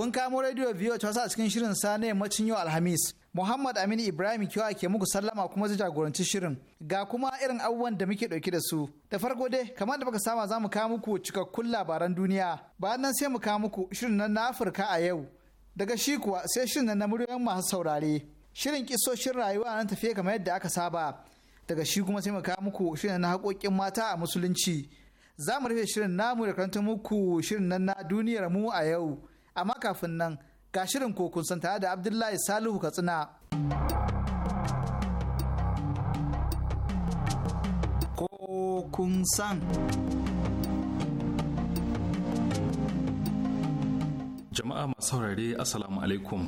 kun kamo rediyo biyu ta wasu a cikin shirin sane macin yammacin yau alhamis muhammad aminu ibrahim kiwa ke muku sallama kuma zai jagoranci shirin ga kuma irin abubuwan da muke ɗauki da su da farko dai kamar da baka sama za mu kawo muku cikakkun labaran duniya bayan nan sai mu kawo muku shirin nan na afirka a yau daga shi kuwa sai shirin na muryoyin masu saurare shirin kisoshin rayuwa nan tafiye kamar yadda aka saba daga shi kuma sai mu kawo muku shirin na haƙoƙin mata a musulunci za mu rufe shirin namu da karanta muku shirin nan na duniyar mu a yau amma kafin nan ga shirin ko kun tare da Abdullahi Salihu Katsina. Ko san. Jama'a masu saurare Assalamu alaikum.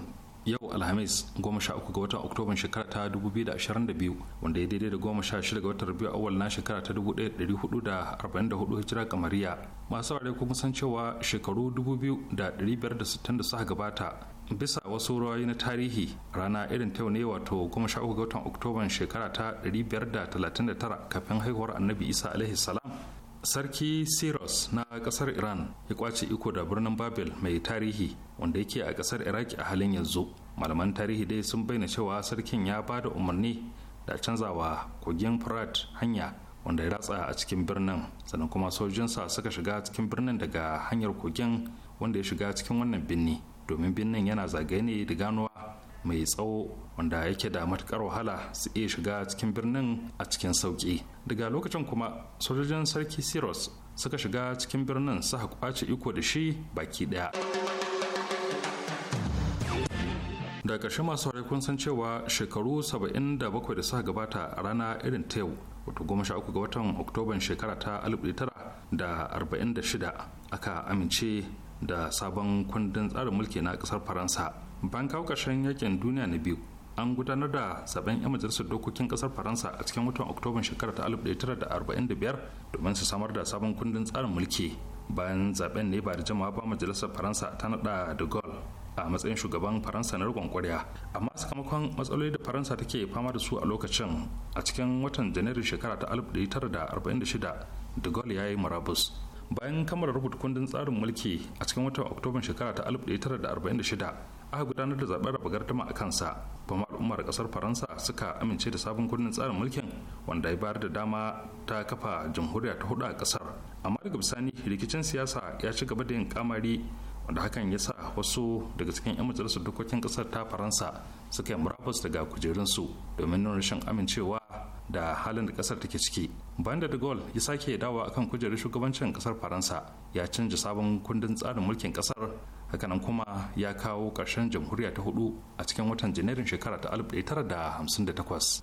yau alhamis 13 ga watan oktoban shekara ta 2022 wanda ya daidai da 16 ga watan rabiu awal na shekara ta 1444 hijira kamariya masu ware kuma san cewa shekaru 2560 da suka gabata bisa wasu rawayi na tarihi rana irin ta ne wato 13 ga watan oktoban shekara ta 539 kafin haihuwar annabi isa alaihi salam sarki siros na kasar iran ya kwace iko da birnin babel mai tarihi wanda yake a kasar iraq a halin yanzu malaman tarihi dai sun bayyana cewa sarkin ya ba da umarni da canzawa kogin prat hanya wanda ya ratsa a cikin birnin sannan kuma sojinsa suka shiga cikin birnin daga hanyar kogin wanda ya shiga cikin wannan birni domin birnin yana zagaye ne da ganuwa mai tsawo wanda yake da matukar wahala su iya shiga cikin birnin a cikin sauki daga lokacin kuma sojojin sarki siros suka shiga cikin birnin suka kwace iko da shi baki daya da ƙarshe masu harai kun san cewa shekaru 77 da suka gabata a rana irin ta yau wato goma sha uku ga watan oktoban shekara ta 1946 aka amince da sabon kundin tsarin mulki na ƙasar faransa bayan kawo ƙarshen yakin duniya na biyu an gudanar da zaben 'yan majalisar dokokin kasar faransa a cikin watan oktoban shekarar ta 1945 domin su samar da sabon kundin tsarin mulki bayan zaben ne ba da jama'a ba majalisar faransa ta nada da gaulle a matsayin shugaban faransa na riƙon kwarya amma sakamakon matsaloli da faransa take fama da su a lokacin a cikin watan Janairu shekara ta 1946 de gaulle ya yi murabus bayan kammala rubuta kundin tsarin mulki a cikin watan oktoban shekara ta 1946 aka gudanar da zaben raba gardama a kansa kuma al'ummar kasar faransa suka amince da sabon kundin tsarin mulkin wanda ya bayar da dama ta kafa jamhuriya ta hudu a kasar amma daga bisani rikicin siyasa ya ci gaba da yin kamari wanda hakan ya sa wasu daga cikin 'yan majalisar dokokin ƙasar ta faransa suka yi murabus daga kujerunsu domin nuna rashin amincewa da halin da kasar take ciki bayan da de gaulle ya sake dawa akan kujerar shugabancin kasar faransa ya canja sabon kundin tsarin mulkin ƙasar. hakanan kuma ya kawo ƙarshen jamhuriya ta hudu a cikin watan janairun shekara ta 1958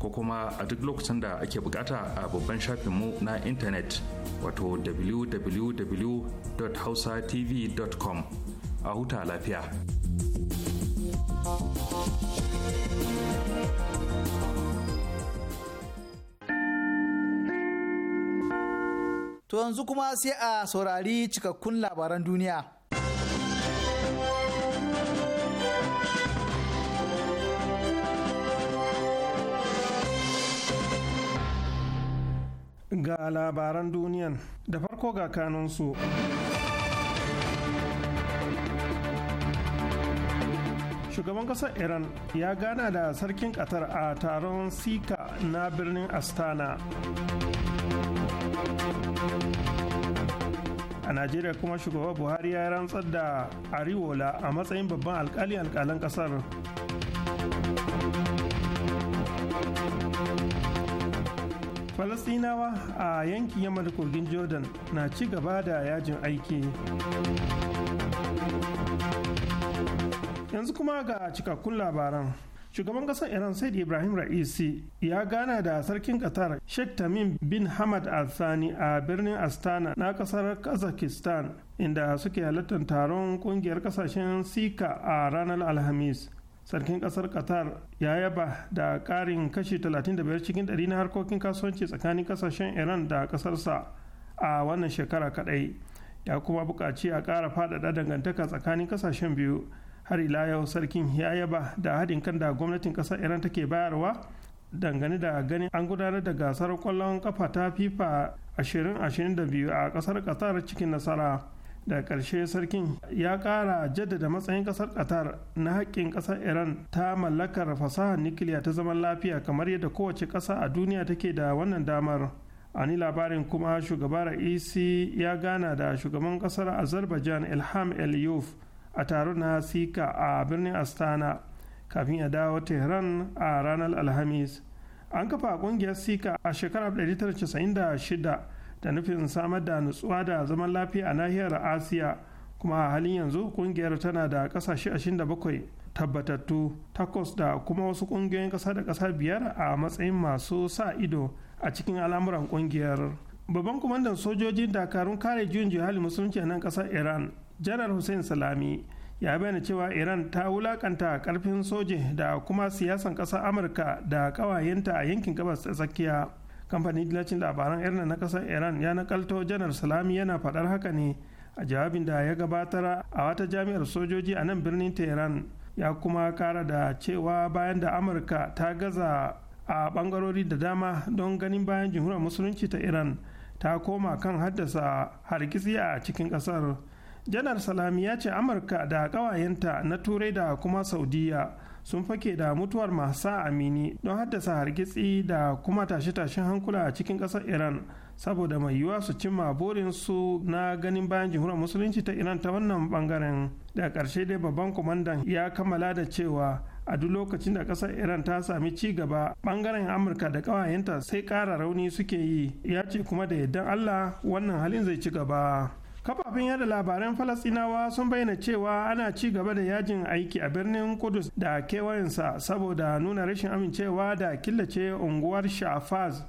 ko kuma a duk lokacin da ake bukata a babban shafinmu na intanet wato www.hausatv.com a huta lafiya. To yanzu kuma sai a saurari cikakkun labaran duniya. ga labaran duniyan da farko ga kanunsu shugaban kasar iran ya gana da sarkin qatar a taron sika na birnin astana a najeriya kuma shugaban buhari ya rantsar da ariwola a matsayin babban alkali alkalin kasar falasinawa a yankin yamma da kogin jordan na ci gaba da yajin aiki yanzu kuma ga cikakkun labaran shugaban kasar iran said ibrahim ra'isi ya gana da sarkin qatar sheikh tamim bin hamad al thani a birnin astana na kasar kazakhstan inda suke halartar taron ƙungiyar kasashen sika a ranar alhamis sarkin kasar qatar ya yaba da karin kashi 35 cikin 100 na harkokin kasuwanci tsakanin kasashen iran da kasarsa a wannan shekara kadai ya kuma buƙaci a ƙara faɗaɗa dangantaka tsakanin kasashen biyu har ila yau sarkin ya yaba da haɗin kan da gwamnatin ƙasar iran take bayarwa dangane da ganin an gudanar da gasar kwallon kafa ta fifa 2022 a ƙasar qatar cikin nasara da ƙarshe sarkin ya ƙara jaddada matsayin ƙasar qatar na haƙƙin ƙasar iran ta mallakar fasahar nikiliya ta zaman lafiya kamar yadda kowace ƙasa a duniya take da wannan damar a ni labarin kuma shugabar ec ya gana da shugaban ƙasar azerbaijan ilham eliyuf a taron na sika a birnin astana kafin ya dawo tehran a ranar alhamis an kafa ƙungiyar sika a shekarar 1996 da nufin samar da nutsuwa da zaman lafiya a nahiyar asiya kuma a halin yanzu kungiyar tana da kasashe 27 tabbatattu takwas da kuma wasu kungiyoyin kasa da kasa biyar a matsayin masu sa ido a cikin al'amuran kungiyar babban kwamandan sojojin dakarun kare juyin jihali musulunci a nan kasar iran janar hussein salami ya bayyana cewa iran ta wulakanta karfin soje da kuma siyasan kasar amurka da kawayenta a yankin gabas ta tsakiya kamfanin dillacin labaran irin na kasar iran ya nakalto janar salami yana faɗar haka ne a jawabin da ya gabatar a wata jami'ar sojoji a nan birnin tehran ya kuma kara da cewa bayan da amurka ta gaza a bangarori da dama don ganin bayan jamhuriyar musulunci ta iran ta koma kan haddasa hargitsi a cikin kasar janar salami ya ce amurka da ƙawayenta na turai da kuma saudiya sun fake da mutuwar masa amini don haddasa hargitsi da kuma tashe-tashen hankula a cikin ƙasar iran saboda mai yiwuwa su cimma burinsu na ganin bayan jihunan musulunci ta iran ta wannan bangaren da ƙarshe dai babban kwamandan ya kammala da cewa a duk lokacin da ƙasar iran ta sami ci gaba bangaren amurka da ƙawayenta sai ƙara rauni suke yi ya ce kuma da yardan allah wannan halin zai ci gaba kafafen yada labaran falasinawa sun bayyana cewa ana ci gaba da yajin aiki a birnin kudus da kewayensa saboda nuna rashin amincewa da killace unguwar shafaz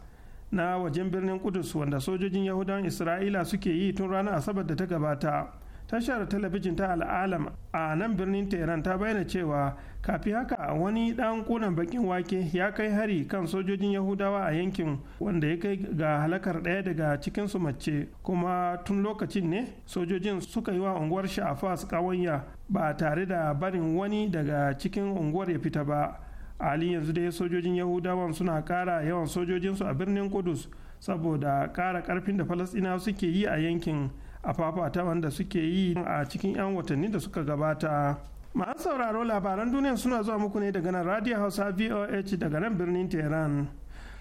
na wajen birnin kudus wanda sojojin yahudan isra'ila suke yi tun ranar asabar da ta gabata tashar talabijin ta al'alam a nan birnin tehran ta bayyana cewa kafi haka wani dan kunan bakin wake ya kai hari kan sojojin yahudawa a yankin wanda ya kai ga halakar ɗaya daga cikinsu mace kuma tun lokacin ne sojojin suka yi wa unguwar shafas kawanya ba tare da barin wani daga cikin unguwar ya fita ba ali yanzu dai sojojin yahudawan suna kara yawan sojojinsu a birnin kudus saboda kara karfin da falasɗinawa suke yi a yankin a fafatawan da suke yi a cikin 'yan watanni da suka gabata ma'an sauraro labaran duniya suna zuwa muku ne daga nan radio hausa voh daga nan birnin tehran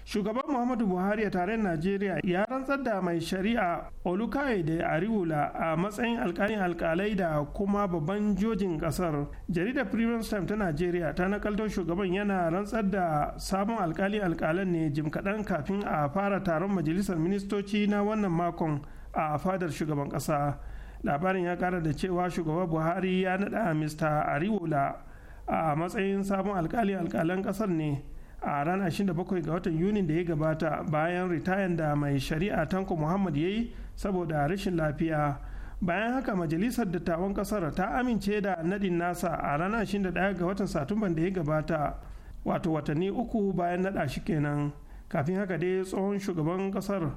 shugaban muhammadu buhari a tare najeriya ya rantsar da mai shari'a olukaye da ariwula a matsayin alkalin alkalai da kuma babban jojin kasar jaridar premium time ta najeriya ta nakalto shugaban yana rantsar da sabon alkalin alkalan ne jim kaɗan kafin a fara taron majalisar ministoci na wannan makon a fadar shugaban ƙasa labarin ya kara da cewa shugaban buhari ya naɗa mr ariwola a matsayin sabon alkali alkalan ƙasar ne a ranar 27 ga watan yunin da ya gabata bayan ritayan da mai shari'a tanko muhammad ya yi saboda rashin lafiya bayan haka majalisar dattawan kasar ta amince da nadin nasa a ranar 21 ga watan satumban da ya gabata wato watanni uku bayan nada shi kenan kafin haka dai tsohon shugaban kasar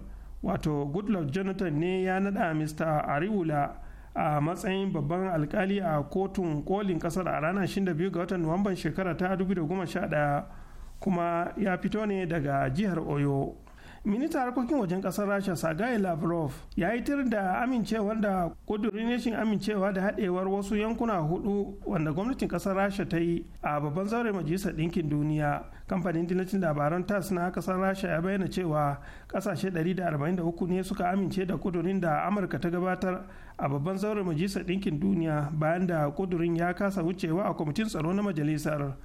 wato goodluck jonathan ne ya nada mr ariwula a matsayin babban alkali a kotun kolin kasar a ranar 22 ga watan nuwamban shekara ta 2011 kuma ya fito ne daga jihar oyo minista harkokin wajen kasar rasha sagai lavrov ya yi tir da amincewar da kudurin rashin amincewa da haɗewar wasu yankuna hudu wanda gwamnatin kasar rasha ta yi a babban zaure majalisar ɗinkin duniya kamfanin dinacin labaran tas na kasar rasha ya bayyana cewa ƙasashe 143 ne suka amince da kudurin da amurka ta gabatar a babban zaure majalisar ɗinkin duniya bayan da kudurin ya kasa wucewa a kwamitin tsaro na majalisar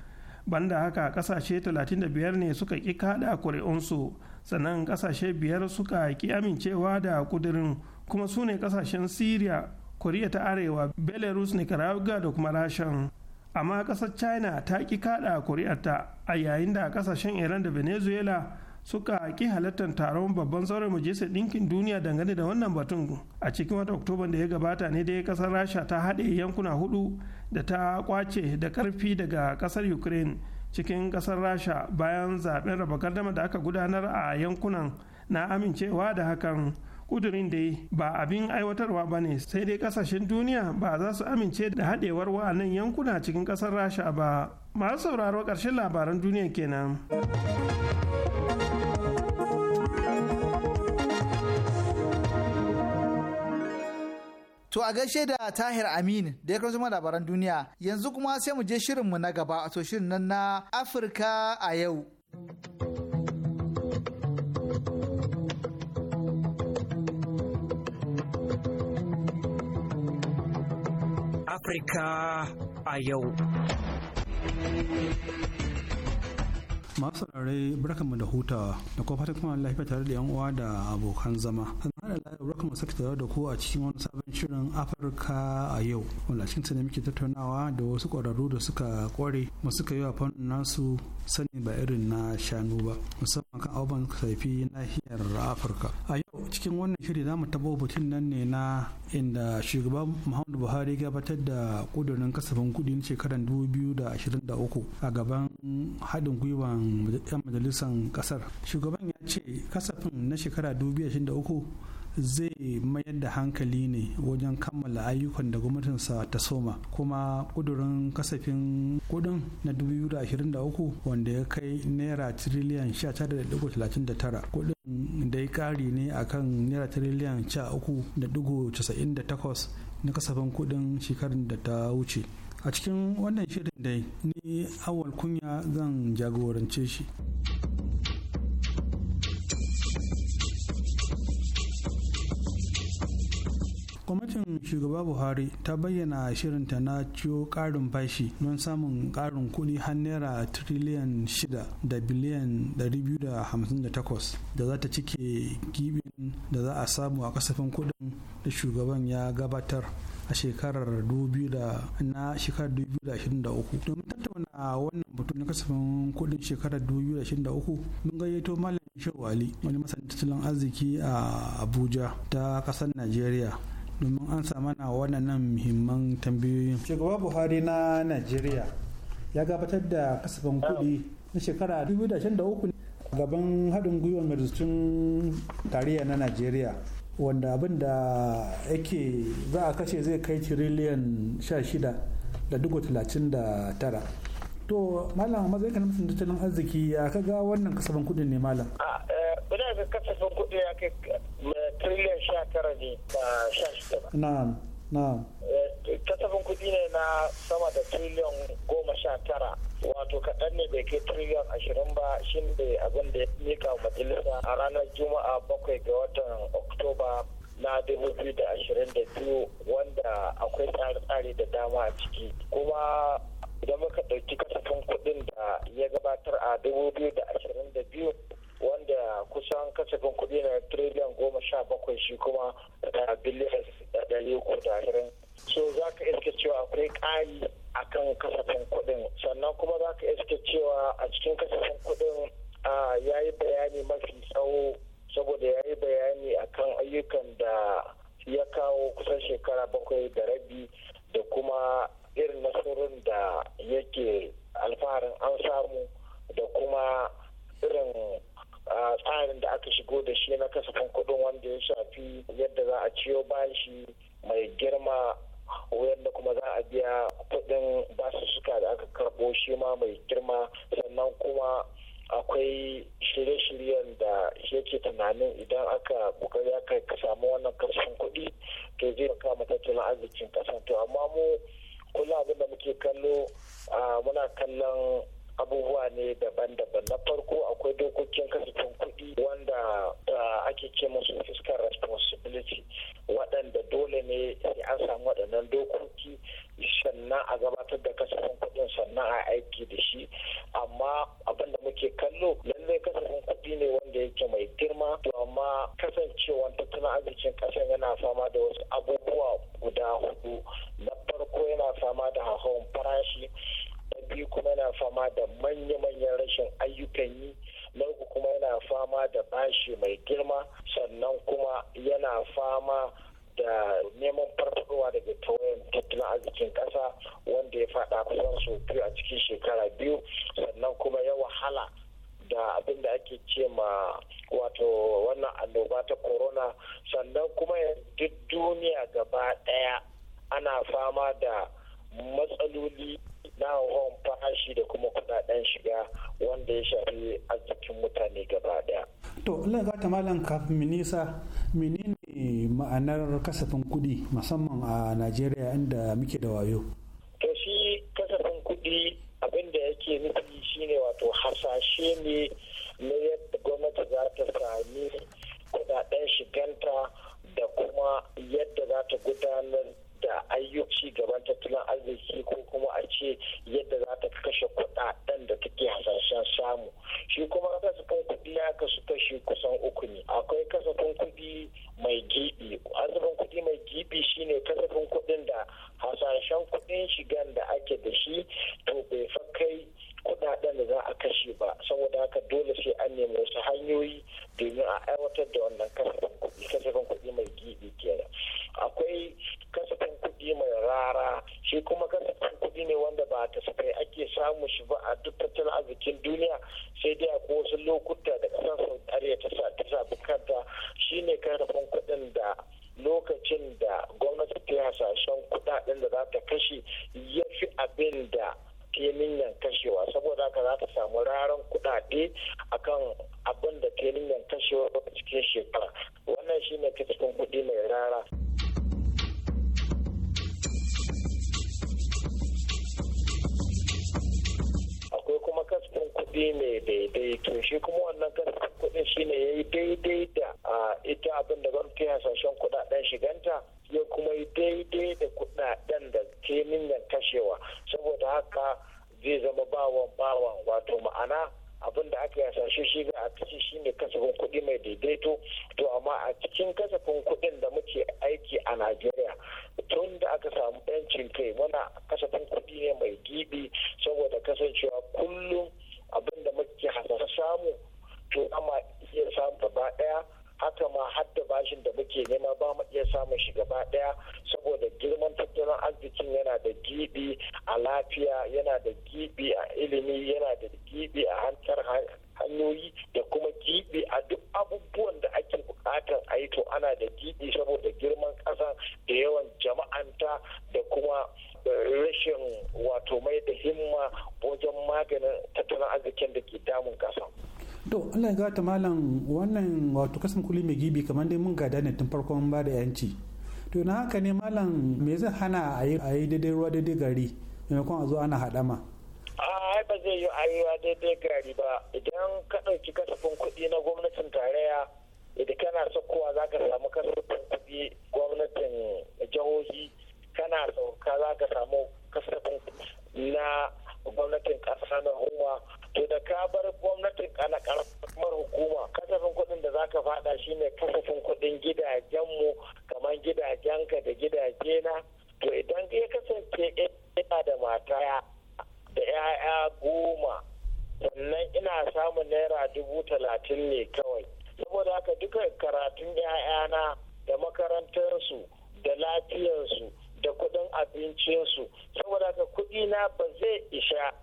banda haka ƙasashe 35 ne suka ƙi kaɗa kuri'unsu sannan kasashe biyar suka ki amincewa da kudirin kuma su ne kasashen syria koriya ta arewa belarus nicaragua da kuma rashan amma kasar china ta ki kada kuri'arta a yayin da kasashen iran da venezuela suka ki halartar taron babban sauran majalisar ɗinkin duniya dangane da wannan batun a cikin wata oktoba da ya gabata ne dai kasar rasha ta haɗe yankuna hudu da ta kwace da ƙarfi daga kasar ukraine cikin kasar rasha bayan zaben raba gardama da aka gudanar a yankunan na amincewa da hakan kudurin dai ba abin aiwatarwa ba ne sai dai kasashen duniya ba za su amince da haɗewar wa'annan yankuna cikin ƙasar rasha ba masu sauraro ƙarshen labaran duniya kenan. To a gaishe da Tahir Amin da ya kawo labaran duniya yanzu kuma sai mu je shirinmu na gaba a to shirin nan na Afirka a yau. Afirka a yau. masu rarrai barkanmu da hutawa da kuma fatan kuma lafiya tare da yan uwa da abokan zama Barkamu saki tare da ku a cikin wani sabon shirin Afirka a yau. Wanda cikin sa ne muke tattaunawa da wasu ƙwararru da suka ƙware ma suka yi wa fannin nasu sani ba irin na shanu ba musamman kan abubuwan kasafi nahiyar Afirka. A yau cikin wannan shiri za mu taɓa batun nan ne na inda shugaban Muhammadu Buhari gabatar da ƙudurin kasafin na shekarar 2023 a gaban haɗin gwiwan 'yan majalisar ƙasar. Shugaban ya ce kasafin na shekara 2023 zai mayar da hankali ne wajen kammala ayyukan da gwamnatinsa ta soma kuma kudurin kasafin kudin na 2023 wanda ya kai naira tiriliyan 19.39 kudin da ya kari ne akan naira tiriliyan 13.98 na kasafin kudin shekarun da ta wuce a cikin wannan shirin dai ni awal kunya zan jagorance shi. kwamitin shugaba buhari ta bayyana shirinta na ciyo karin bashi don samun karin kudi har naira tiriliyan shida da biliyan 258 da za ta cike gibin da za a samu a kasafin kudin da shugaban ya gabatar a shekarar 2000 na shekarar 2023 domin tattauna wannan mutum na kasafin kudin shekarar 2023 mun gayyato malam shawali wani masana tattalin arziki a abuja ta kasar najeriya domin an samu na waɗannan muhimman tambayoyin shugaba buhari na najeriya ya gabatar da kasafin kuɗi na shekara 2023 gaban haɗin gwiwar majalisun tarayya na najeriya wanda abin da yake za a kashe zai kai tiriliyan 16 da dugu 39 to malam mazai kan mutum tattalin arziki ya ga wannan kasafin kudi ne malam eh, ina ga kasafin kuɗi ya kai trillion sha tara ne na sha shida ba na'am kuɗi ne na sama da trillion goma sha tara wato kaɗan ne bai kai trillion ashirin ba shi ne abin da ya mika majalisa a ranar juma'a bakwai ga watan oktoba na biyu wanda akwai tsare-tsare da dama a ciki kuma idan muka ɗauki kasafin kuɗin da ya gabatar a biyu. wanda kusan kasafin kuɗi na triliyan goma sha bakwai shi kuma biliyan ɗari uku da ashirin so za ka iske cewa akwai ƙari a kan kasafin kuɗin sannan kuma za ka iske cewa a cikin kasafin kuɗin ya yi bayani mafi tsawo saboda ya yi bayani a kan ayyukan da ya kawo kusan shekara bakwai da rabi da kuma irin nasarorin da yake alfaharin an samu da kuma irin tsarin da aka shigo da shi na kasafin kudin wanda ya shafi yadda za a ciyo bashi mai girma wanda kuma za a biya kuɗin suka da aka karbo shi ma mai girma sannan kuma akwai shirye-shiryen da yake tunanin idan aka kokari aka ka samu wannan kasafin kuɗi to zai kama tattalin arzikin kasan to amma mu kullum abin da muke kallo muna kallon abubuwa ne daban-daban na farko akwai dokokin kasafin kuɗi wanda ah, ake ce musu fiscal responsibility waɗanda dole ne sai an samu waɗannan dokoki sannan a gabatar da kasafin kuɗin sannan a aiki da shi amma abin da muke kallo lallai kasafin kuɗi ne wanda yake mai girma to amma kasancewan tattalin arzikin ƙasar yana fama da wasu abubuwa guda hudu na farko yana fama da hauhawan farashi na biyu kuma yana fama da manya-manyan rashin ayyukan yi na uku kuma yana fama da bashi mai girma sannan kuma yana fama da neman farfadowa daga tawayan tattalin arzikin ƙasa wanda ya fada kusan sau biyu a cikin shekara biyu sannan kuma ya wahala da abin da ake ce ma wato wannan annoba ta corona sannan kuma duk duniya gaba daya ana fama da matsaloli na hauhawan farashi da kuma kudaden shiga wanda ya shafi arzikin mutane gaba daya. To Allah gata malam kafin minisa menene ma'anar kasafin kudi musamman a Najeriya inda muke da wayo. To shi kasafin kudi abinda yake nufi shine wato hasashe ne na yadda gwamnati za ta sami kudaden shiganta da kuma yadda za ta gudanar da ayyuka ci gaban tattalin arziki ko kuma a ce yadda za ta kashe kuɗaɗen da take hasashen samu shi kuma kasafin kuɗi ya kasu kashi kusan uku ne akwai kasafin kuɗi mai gibi kasafin kuɗi mai gibi shine kasafin kuɗin da hasashen kuɗin shigan da ake da shi to bai fa kai kudaden da za a kashe ba saboda haka dole sai an nemi wasu hanyoyi domin a aiwatar da wannan kasafin kuɗi kuɗi mai gidi kenan akwai kasafin kuɗi mai rara shi kuma kasafin kuɗi ne wanda ba ta kasafai ake samu shi ba a duk tattalin arzikin duniya sai dai akwai wasu lokuta da ƙasar saudi arabia ta sa ta zaɓi kanta shine kasafin kuɗin da lokacin da gwamnati ta yi hasashen kuɗaɗen da za ta kashe ya fi abin da ke niyan kashewa saboda haka za ta samu raran kuɗaɗe akan abin da ke niyan kashewa cikin shekara wannan shine ne cikin kuɗi mai rara. akwai kuma kas kuɗi mai daidaito shi kuma wannan kasafin kuɗin ne ya yi daidai da ita abin da gwamnati hasashen kuɗaɗen shiganta ya kuma yi daidai da kuɗaɗen da ke niyyar kashewa saboda haka zai zama bawan bawan wato ma'ana abin da aka yasa shi ga a ciki ne kasafin kuɗi mai daidaito to amma a cikin kasafin kuɗin da muke aiki a najeriya tun da aka samu yancin kai muna kasafin kuɗi ne mai gibi saboda kasancewa kullum abin da muke hasara samu to ama iya samu gaba daya haka ma har bashin da muke nema ba mu iya samun shi gaba daya saboda girman tattalin arzikin yana da gibi a lafiya yana da gibi a ilimi yana da gibi a hantar hanyoyi da kuma gibi a duk abubuwan da ake bukatar a yi to ana da gibi saboda girman ƙasa da yawan jama'anta da kuma rashin wato mai da himma wajen maganin tattalin arzikin da ke damun kasa. to allah ga ta malam wannan wato kasan kuli mai gibi kamar dai mun gada ne tun farkon ba da yanci to na haka ne malam me zai hana a yi daidai ruwa daidai gari maimakon a zo ana haɗama ai ba zai yi ruwa daidai gari ba idan ka ɗauki kasafin kuɗi na gwamnatin tarayya idan kana sakowa za ka samu kasafin kuɗi gwamnatin jihohi kana sauka za ka samu kasafin na gwamnatin kasa na hukuma to da ka bar gwamnatin kana ƙaramar hukuma kasafin kuɗin da za ka faɗa shine kasafin kuɗin gidajenmu kamar gidajenka da gidajena to idan ya kasance ina da mata da 'ya'ya goma sannan ina samun naira dubu talatin ne kawai saboda haka duka karatun 'ya'yana da makarantarsu da lafiyarsu da kuɗin abincinsu saboda haka kuɗi na ba zai isha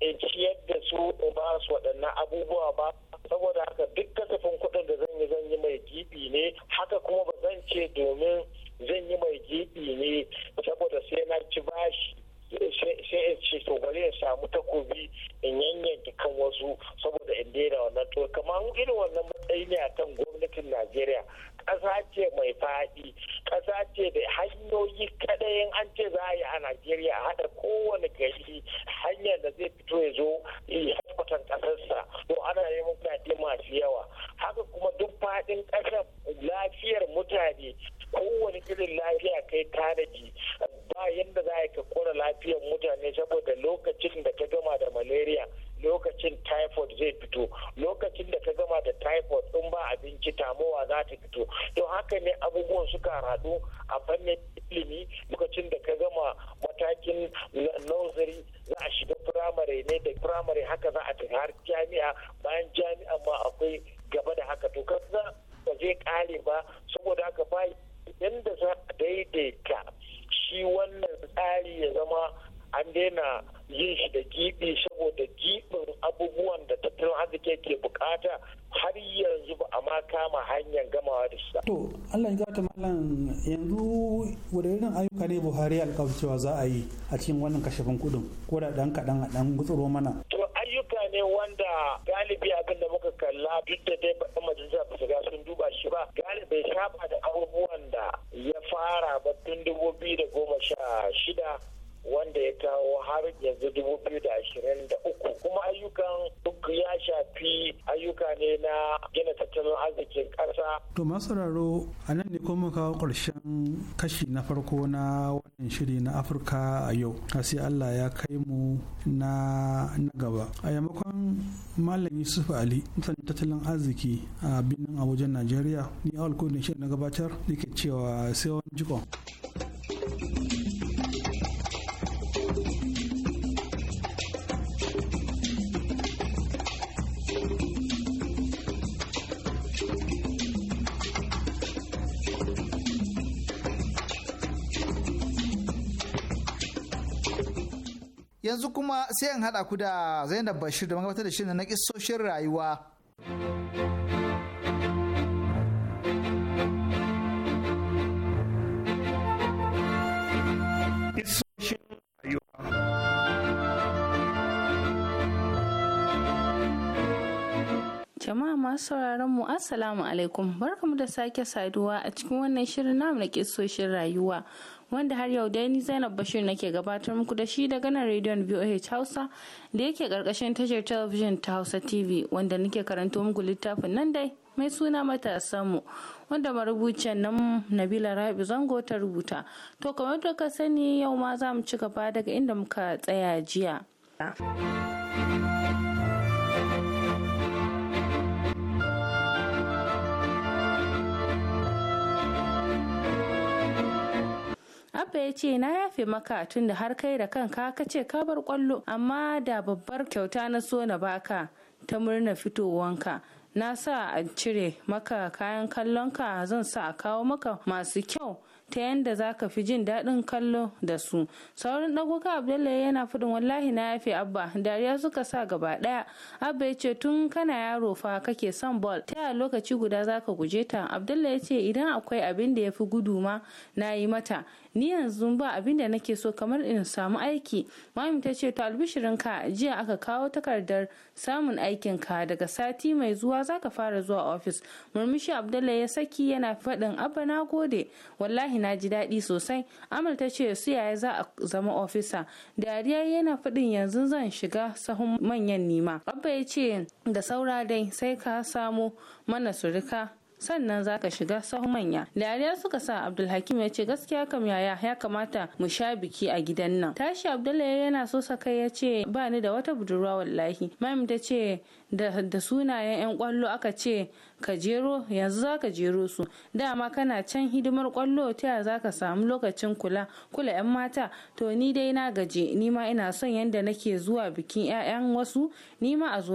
in ciyar da su in ba su waɗannan abubuwa ba saboda haka duk kasafin kudin da zan yi zan yi mai gibi ne haka kuma ba zan ce domin zan yi mai gibi ne saboda sai na ci bashi sai ya ce bari ya samu takobi in yanyanke kan wasu saboda in daina wannan to kamar irin wannan matsayi ne a kan gwamnatin najeriya ƙasa ce mai faɗi ƙasa ce da hanyoyi kadai an ce za a yi a najeriya a haɗa kowane gari hanyar da zai fito ya zo ya haifatan ƙasar cewa za a yi a cikin wannan kashefin kudin ko da dan kaɗan a dan gutsuro mana. To ayyuka ne wanda galibi abin da muka kalla duk da dai baɗin majalisa ba su sun duba shi ba galibi ya shafa da abubuwan da ya fara ba tun dubu biyu da goma sha shida wanda ya kawo har yanzu dubu biyu da ashirin da uku kuma ayyukan duk ya shafi ayyuka ne na gina tattalin arzikin ƙasa. to raro a nan ne kuma kawo ƙarshen kashi na farko na wannan shiri na afirka a yau sai allah ya kai mu na gaba a yamakon malam yusuf ali mutane tattalin arziki a birnin abuja nigeria ni awal kudin shirin na gabatar ke cewa sai wani jikon yanzu kuma sai in haɗa ku da zainab bashir da magabatar da shirin na kisoshin rayuwa Jama'a masu sauraron mu Assalamu alaikum barkamu da sake saduwa a cikin wannan shirin namu na kisoshin rayuwa wanda har yau dai ni Zainab Bashir nake gabatar muku da shi daga nan rediyon VOH Hausa da yake karkashin tashar talabijin ta Hausa TV wanda nake karanto muku littafin nan dai mai suna matasanmu wanda marubuciyar nan Nabila Rabi Zango ta rubuta. To kamar da ka sani yau ma za mu ci gaba daga inda muka tsaya jiya. abba ya ce na yafe maka tunda har kai da kanka ka ce ka bar kwallo amma da babbar kyauta na so na baka ta murna fitowanka na sa a cire maka kayan kallonka zan sa a kawo maka masu kyau ta yadda za ka fi jin daɗin kallo da su saurin ɗaguka abdullahi yana fudin wallahi na yafe abba dariya suka sa gaba ɗaya abba ya ce tun kana yaro fa kake son Bol. ta yaya lokaci guda za ka guje ta abdulla ya ce idan akwai abin da ya fi gudu ma na yi mata ni yanzu ba abin da nake so kamar in samu aiki mami ta ce to albishirinka jiya aka kawo takardar samun aikin ka daga sati mai zuwa zaka fara zuwa ofis murmushi abdalla ya saki yana faɗin abba na gode wallahi na ji daɗi sosai amal ta ce su yaya za a zama ofisa dariya yana faɗin yanzu zan shiga sahun manyan nima abba ya ce da saura dai sai ka samo mana surika sannan za ka shiga sahun manya dariya suka sa abdulhakim ya ce gaskiya kam yaya ya kamata mu sha biki a gidan nan tashi abdullahi yana so sa kai ya ce ba ni da wata budurwa wallahi Mamita ta ce da sunayen 'yan kwallo aka ce ka jero yanzu za ka jero su dama kana can hidimar kwallo ta ya za ka samu lokacin kula kula 'yan mata to ni dai na gaje ni ma ina son yadda nake zuwa bikin 'ya'yan wasu ni ma a zo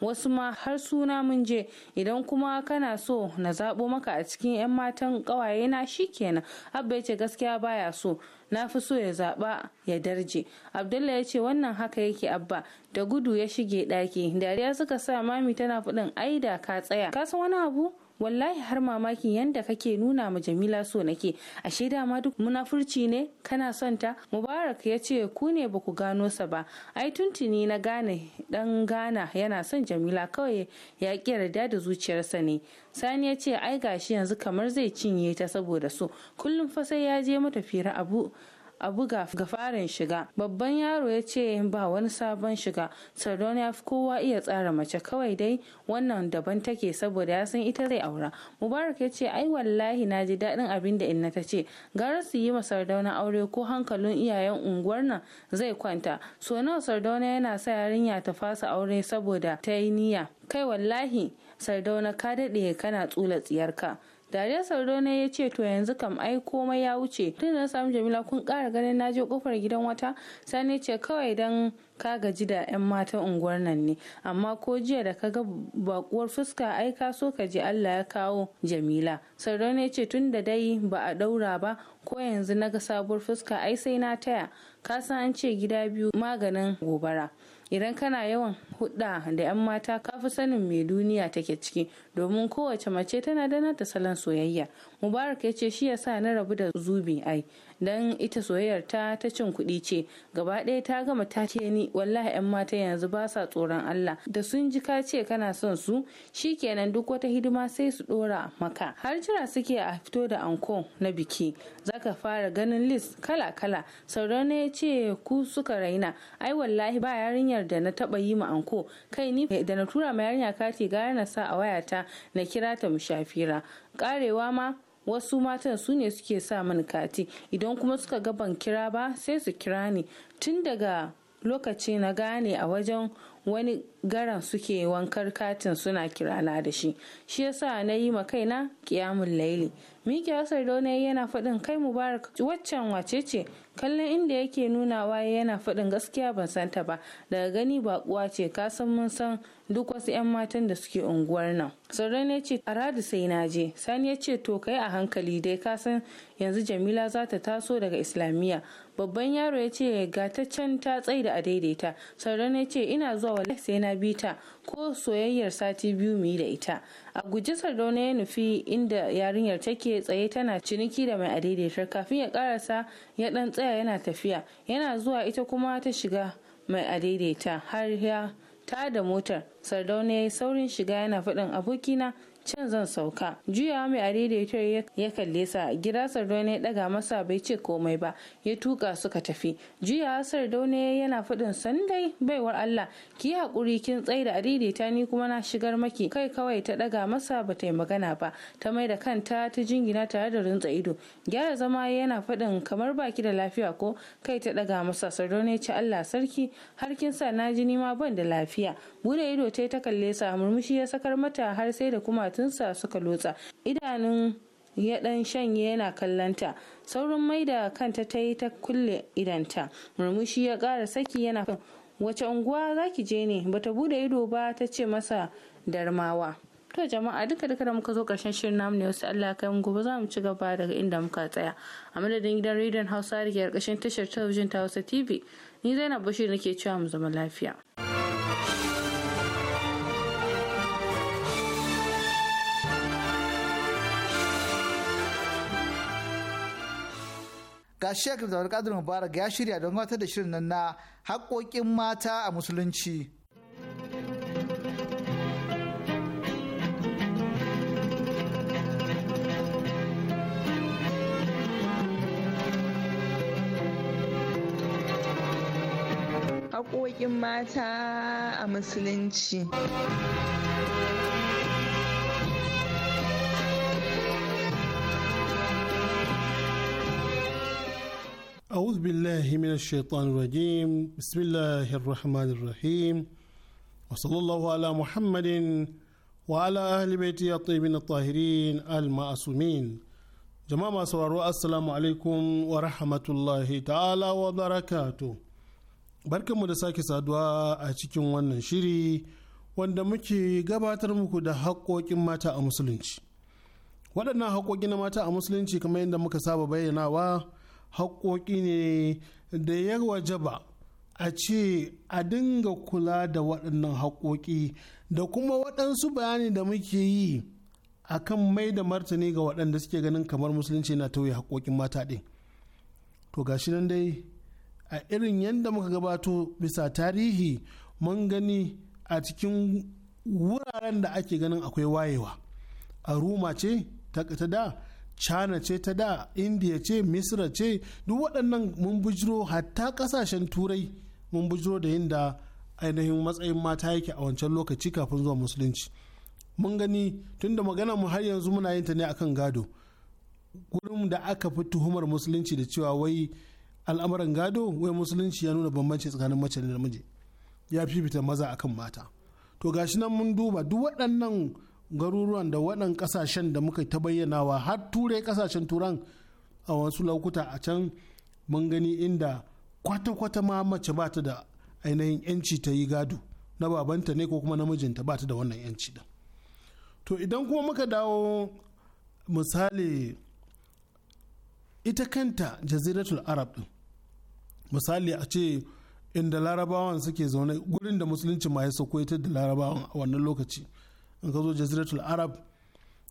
wasu ma har suna mun je idan kuma kana so na zabo maka a cikin 'yan matan kawaye na shikenan abba ya ce gaskiya baya so na fi so ya zaba ya darje Abdullahi ya ce wannan haka yake abba da gudu ya shige ɗaki dariya suka sa mami tana faɗin Aida, ka tsaya ka san wani abu wallahi har mamakin yanda kake nuna ma jamila so nake ashe dama duk munafurci ne kana son ta mubarak ya ce ku ne ba ku gano sa ba ai tuntuni na gane dan gana yana son jamila kawai ya ƙi yarda da zuciyarsa ne sani ya ce ai gashi yanzu kamar zai cinye ta saboda so kullum fa sai ya je mata fira abu a buga ga farin shiga babban yaro ya ce ba wani sabon shiga tsaron ya fi kowa iya tsara mace kawai dai wannan daban take saboda ya san ita zai aura mubarak ya ce ai wallahi na ji daɗin abin da inna ta ce gara su yi ma na aure ko hankalin iyayen unguwar nan zai kwanta so nawa sardauna yana sa yarinya ta fasa aure saboda ta yi niyya kai wallahi sardauna ka daɗe kana tsula tsiyarka Dariya ne ya ce to yanzu kam ai komai ya wuce. Tun da na samu Jamila kun ƙara ganin na je kofar gidan wata. Sani ce kawai dan ka gaji da 'yan matan unguwar nan ne amma ko jiya da kaga bakuwar fuska ai ka so ka ji allah ya kawo jamila sardauna ya ce tun da dai ba a daura ba ko yanzu naga sabuwar fuska ai sai na taya ka san an ce gida biyu maganin gobara idan kana yawan hudda da 'yan mata ka fi sanin mai duniya take ciki domin kowace mace tana da nata salon soyayya mubarak ya ce shi yasa na rabu da zubi ai dan ita soyayyar ta ta cin kuɗi ce gaba ɗaya ta gama ta ce ni wallahi yan mata yanzu ba sa tsoron Allah da sun ji ka ce kana son su Shi kenan duk wata hidima sai su ɗora maka har jira suke a fito da anko na biki zaka fara ganin lis kala kala sauran ya ce ku suka raina ai wallahi ba yarinyar da na taba yi ma anko kai ni da na tura ma yarinya kati gara na sa a wayata na kira ta mu shafira karewa ma wasu matan su ne suke sa mani kati idan kuma suka ga ban kira ba sai su kira ni tun daga lokaci na gane a wajen wani garan suke wankar katin suna kirana da shi shi yasa na yi ma kaina kiyamun laili miki asar daune yana faɗin kai mubarak waccan wace ce kallon inda yake nuna waye yana faɗin gaskiya ban santa ba daga gani baƙuwa ce ka san mun san duk wasu 'yan matan da suke unguwar nan sauran ne ce a radu sai na je sani ya ce to kai a hankali dai ka san yanzu jamila za ta taso daga islamiyya babban yaro ya ce ga ta can ta da a daidaita sauran ya ce ina zuwa wa sai na bita ko soyayyar sati biyu mu yi da ita a guji sardauna ya nufi inda yarinyar take tsaye tana ciniki da mai adaidaitar kafin ya karasa ya dan tsaya yana tafiya yana zuwa ita kuma ta shiga mai adaidaita har ya ta da motar sardauna ya yi saurin shiga yana faɗin abokina can zan sauka Juya mai adaidaita ya kalle sa gida sardauna ya daga masa bai ce komai ba ya tuka suka tafi juya sardauna yana faɗin sandai baiwar allah ki hakuri kin tsai da adaidaita ni kuma na shigar maki kai kawai ta daga masa ba ta yi magana ba ta mai da kanta ta jingina tare da rintsa ido gyara zama yana faɗin kamar baki da lafiya ko kai ta daga masa sardauna ci, allah sarki har kin sa na ji nima, ma ban da lafiya bude ido ta ta kalle sa murmushi ya sakar mata har sai da kuma sa suka lotsa idanun ya dan shanye yana kallanta saurin mai da kanta ta yi ta kulle idanta murmushi ya kara saki yana kan wace unguwa za ki je ne bata bude ido ba ta ce masa darmawa to jama'a duka duka da muka zo karshen shirin namu ne wasu Allah kai mu gobe za mu ci gaba daga inda muka tsaya a madadin gidan rediyon Hausa da ke karkashin tashar talabijin ta Hausa TV ni Zainab Bashir nake cewa mu zama lafiya shekar da Abdulkadir Mubarak ya shirya don gabatar da shirin nan na haƙoƙin mata a musulunci. Haƙoƙin mata a musulunci. أعوذ بالله من الشيطان الرجيم بسم الله الرحمن الرحيم وصلى الله على محمد وعلى أهل بيته الطيبين الطاهرين المعصومين جماعة سوارو السلام عليكم ورحمة الله تعالى وبركاته barkan mu da sake saduwa a cikin wannan shiri wanda muke gabatar muku da haƙoƙin mata a musulunci waɗannan haƙoƙi na mata a musulunci kamar yadda muka saba bayyanawa haƙoƙi ne da ya wajaba a ce a dinga kula da waɗannan haƙoƙi da kuma waɗansu bayani da muke yi a kan mai da martani ga waɗanda suke ganin kamar musulunci na tauye haƙoƙin mata ɗin to gashi nan dai a irin yadda muka gabato bisa tarihi mun gani a cikin wuraren da ake ganin akwai wayewa a ruma ce ta da china ce ta da india ce misra ce duk waɗannan mun bujiro hatta ƙasashen turai mun bujiro da yinda ainihin matsayin mata yake a wancan lokaci kafin zuwa musulunci mun gani tunda magana mu har yanzu muna yin ta ne akan gado gurin da aka fi tuhumar musulunci da cewa wai al'amuran gado wai musulunci ya nuna bambanci tsakanin mace da namiji ya fifita maza akan mata to gashi nan mun duba duk waɗannan garuruwan da waɗan ƙasashen da muka ta bayyanawa har turai ƙasashen turan a wasu laukuta a can mun gani inda kwata-kwata ma mace ba ta da ainihin yanci ta yi gado na babanta ne ko kuma namijinta ba ta da wannan yanci da to idan kuma muka dawo misali ita kanta jaziratul arab din misali a ce inda larabawan suke zaune gurin da musulunci ma ya sauko ita da larabawan a wannan lokaci in ka zo jaziratul arab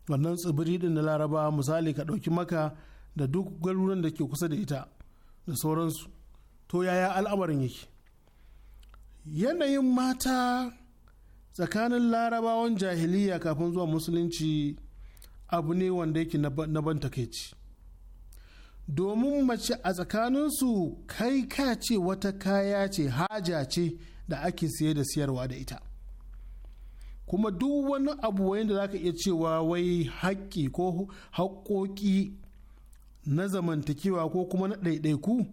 wannan tsibiri din na laraba misali ka ɗauki maka da duk garuruwan da ke kusa da ita da sauransu to yaya al'amarin yake yanayin mata tsakanin larabawan jahiliya kafin zuwa musulunci abu ne wanda yake na ban takaici domin mace a tsakaninsu kai ka ce wata kaya ce haja ce da ake siye da siyarwa da ita kuma duk wani abu wanda za ka iya cewa wai haƙƙi ko haƙƙoƙi na zamantakewa ko kuma na ɗaiɗaiku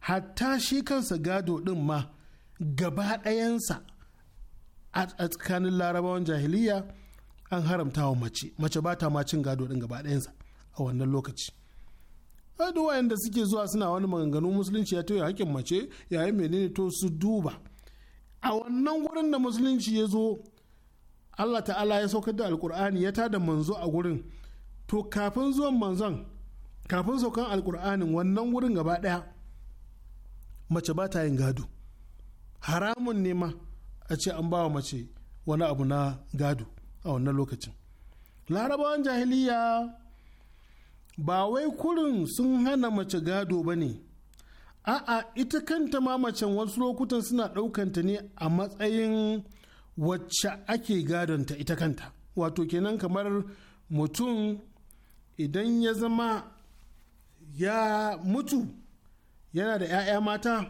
hatta shi kansa gado ɗin ma gaba ɗayansa a tsakanin larabawan jahiliya an haramta wa mace mace ba ta macin gado ɗin gaba ɗayansa a wannan lokaci duk wayanda suke zuwa suna wani maganganu musulunci ya toya haƙƙin mace yayin menene to su duba a wannan wurin da musulunci ya zo Allah ta'ala ya saukar da alkur'ani ya tada manzo a gurin to kafin zuwan manzon kafin saukan alkur'anin wannan wurin gaba ɗaya mace ba ta yin gado haramun ne ma a ce an bawa mace wani abu na gado a wannan lokacin larabawan jahiliya ba wai kurin sun hana mace gado ba ne a'a ita kanta ma macen wasu lokutan suna ɗaukanta ne a matsayin wacce ake gadonta ita kanta wato kenan kamar mutum idan ya zama ya mutu yana da 'ya'ya mata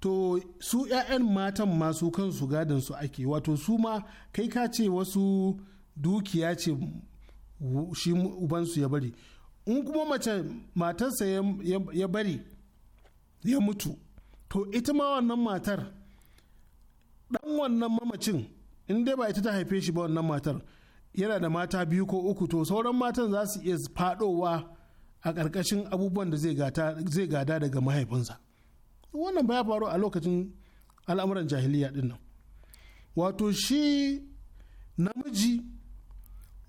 to su 'ya'yan matan masu kansu gadon su ake wato su ma kai ka ce wasu dukiya ce shi ubansu ya bari in kuma mace matarsa ya bari ya mutu to ita ma wannan matar dan wannan mamacin in dai ba ita ta haife shi ba wannan matar yana da mata biyu ko uku to sauran matan za su iya fadowa a ƙarƙashin abubuwan da zai gada daga mahaifinsa wannan ba ya faru a lokacin al'amuran jahiliya din nan wato shi namiji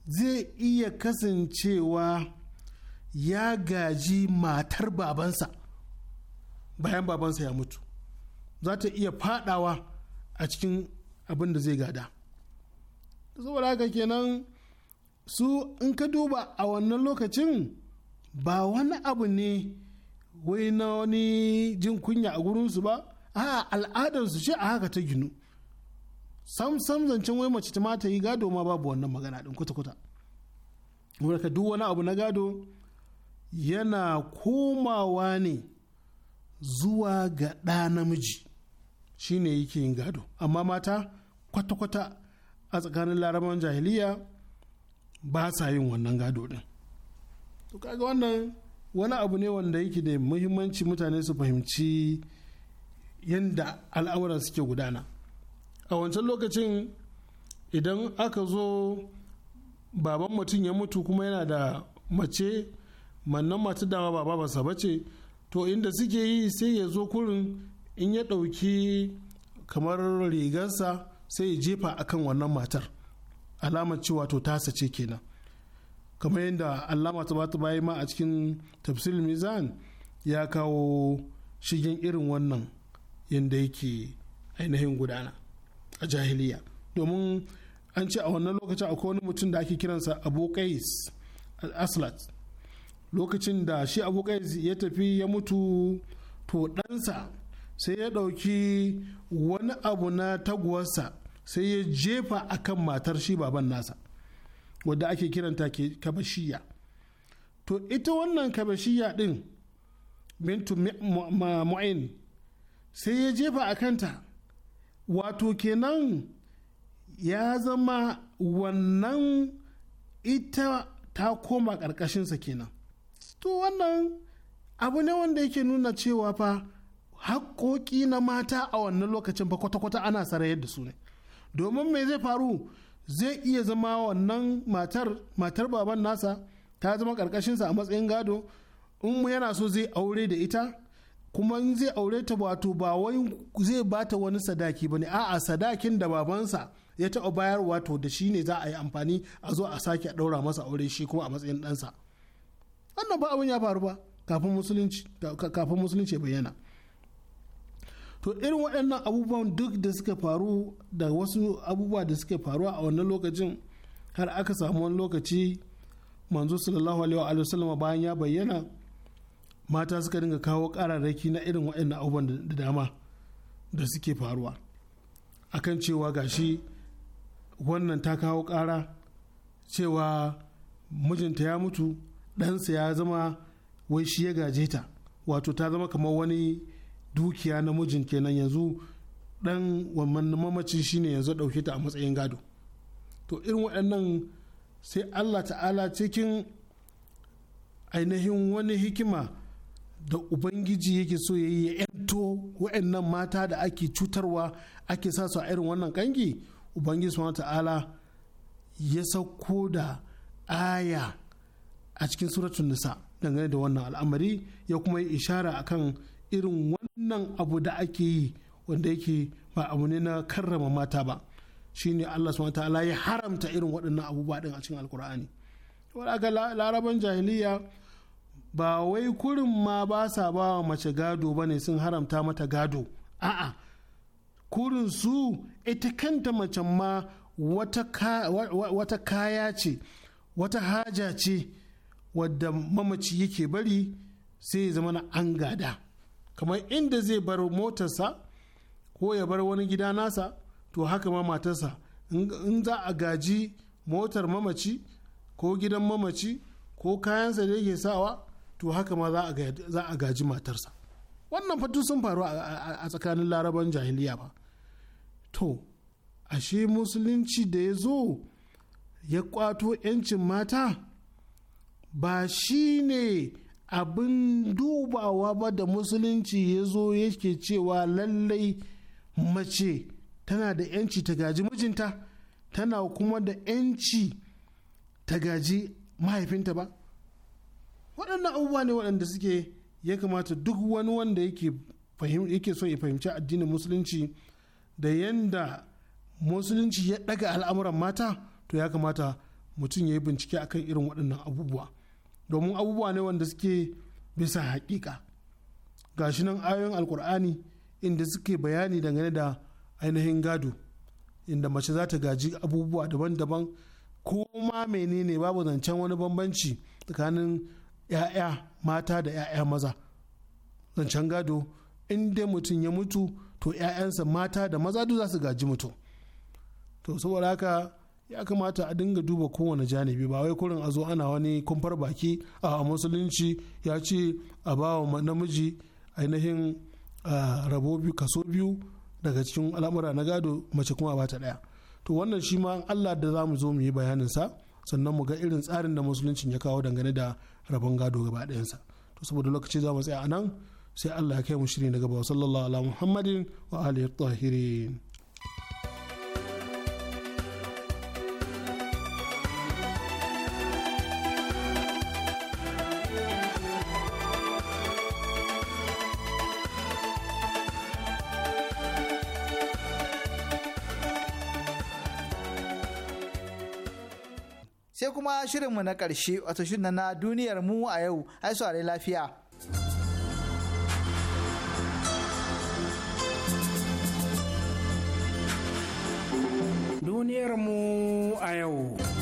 zai iya kasancewa ya gaji matar babansa bayan babansa ya mutu za ta iya fadawa a cikin abin da zai gada saboda haka kenan su in ka duba a wannan lokacin ba wani abu ne wai na wani jin kunya a gurinsu ba a al'adarsu ce a haka ta ginu sam sam zancen wai mace ta ta yi gado ma babu wannan magana din kuta kuta ka duk wani abu na gado yana komawa ne zuwa ga ɗa namiji shine yake yin gado amma mata kwata-kwata a tsakanin larabawan jahiliya ba sa yin wannan gado din to kaga wannan wani abu ne wanda yake da muhimmanci mutane su fahimci yadda al'amuran suke gudana a wancan lokacin idan aka zo baban mutum ya mutu kuma yana da mace mannan matu dama ba ba ba ce to inda suke yi sai ya zo kurin in ya ɗauki kamar rigarsa sai ya jefa akan wannan matar alamar cewa to ta ce kenan kamar yadda allama ta bata bayi ma a cikin tafsir mizan ya kawo shigen irin wannan yadda yake ainihin gudana a jahiliya domin an ce a wannan lokacin akwai wani mutum da ake kiransa abu qais aslat lokacin da shi abu qais ya tafi ya mutu to ɗansa sai ya ɗauki wani abu na taguwarsa sai ya jefa a kan matar shi baban nasa wadda ake kiranta kabashiya to ita wannan kabashiya din bintu mu'in sai ya jefa a kanta wato kenan ya zama wannan ita ta koma ƙarƙashinsa kenan to wannan abu ne wanda yake nuna cewa fa haƙoƙi na mata a wannan lokacin ba kwata-kwata ana sarayar da su ne domin me zai faru zai iya zama wannan matar matar baban nasa ta zama ƙarƙashinsa a matsayin gado in yana so zai aure da ita kuma in zai aure ta wato ba wai zai bata wani sadaki ba ne a'a sadakin da babansa ya taɓa bayar wato da shi ne za a yi amfani a zo a sake ɗaura masa aure shi ko a matsayin ɗansa wannan ba abin ya faru ba kafin musulunci kafin musulunci bayyana to irin waɗannan abubuwan duk da suka faru da wasu abubuwa da suka faru a wannan lokacin har aka samu wani lokaci manzo sallallahu alaihi wa sallama bayan ya bayyana mata suka dinga kawo kararraki na irin waɗannan abubuwan da dama da suke faruwa akan cewa gashi wannan ta kawo ƙara cewa mijinta ya mutu ɗansa ya zama wai shi ya gaje ta wato ta zama kamar wani dukiya namijin kenan yanzu dan wannan mamacin shine yanzu dauke ta a matsayin gado to irin waɗannan sai Allah ta'ala cikin ainihin wani hikima da ubangiji yake so ya yi ya yanto waɗannan mata da ake cutarwa ake sa su a irin wannan kangi ubangiji subhanahu ta'ala ya sauko da aya a cikin suratun nisa dangane da wannan al'amari ya kuma yi ishara akan irin wannan abu da ake yi wanda yake ba abu ne na karrama mata ba shine Allah subhanahu ta'ala ya haramta irin waɗannan abubuwa din a cikin alkur'ani wadaka laraban jahiliya ba wai kurin ma ba sa ba wa mace gado ba ne sun haramta mata gado a'a kurin su ita kanta mace ma wata kaya ce wata haja ce wadda mamaci yake bari sai zama na an gada kamar inda zai bar motarsa ko ya bar wani gida nasa to haka ma matarsa in za a gaji motar mamaci ko gidan mamaci ko kayansa da yake sawa to haka ma za a gaji matarsa wannan fatu sun faru a tsakanin laraban jahiliya ba to ashe musulunci da ya zo ya kwato 'yancin mata ba shi ne abin dubawa ba da musulunci ya zo yake cewa lallai mace tana da 'yanci ta gaji mijinta tana kuma da 'yanci ta gaji mahaifinta ba waɗannan abubuwa ne waɗanda suke ya kamata duk wani wanda yake so ya fahimci addinin musulunci da yanda musulunci ya ɗaga al'amuran mata to ya kamata mutum ya yi bincike akan irin waɗannan abubuwa domin abubuwa ne wanda suke bisa hakika gashi nan ayoyin alkur'ani inda suke bayani dangane da ainihin gado inda mace za ta gaji abubuwa daban-daban ko ma menene babu zancen wani bambanci tsakanin 'ya'ya mata da 'ya'ya maza zancen gado inda mutum ya mutu to 'ya'yansa mata da maza duk za su gaji mutum to saboda haka ya kamata a dinga duba kowane janibi ba wai kurin a zo ana wani kumfar baki a musulunci ya ce a bawa namiji ainihin rabo biyu kaso biyu daga cikin al'amura na gado mace kuma ba ta daya to wannan shi ma allah da za mu zo mu yi bayanin sa sannan mu ga irin tsarin da musuluncin ya kawo dangane da rabon gado gaba ɗayansa to saboda lokaci za mu tsaya a nan sai allah ya kai mu shiri na gaba sallallahu ala muhammadin wa alihi tahirin shirinmu na ƙarshe wato shirin na duniyar mu a yau ai lafiya. Duniyar mu a yau.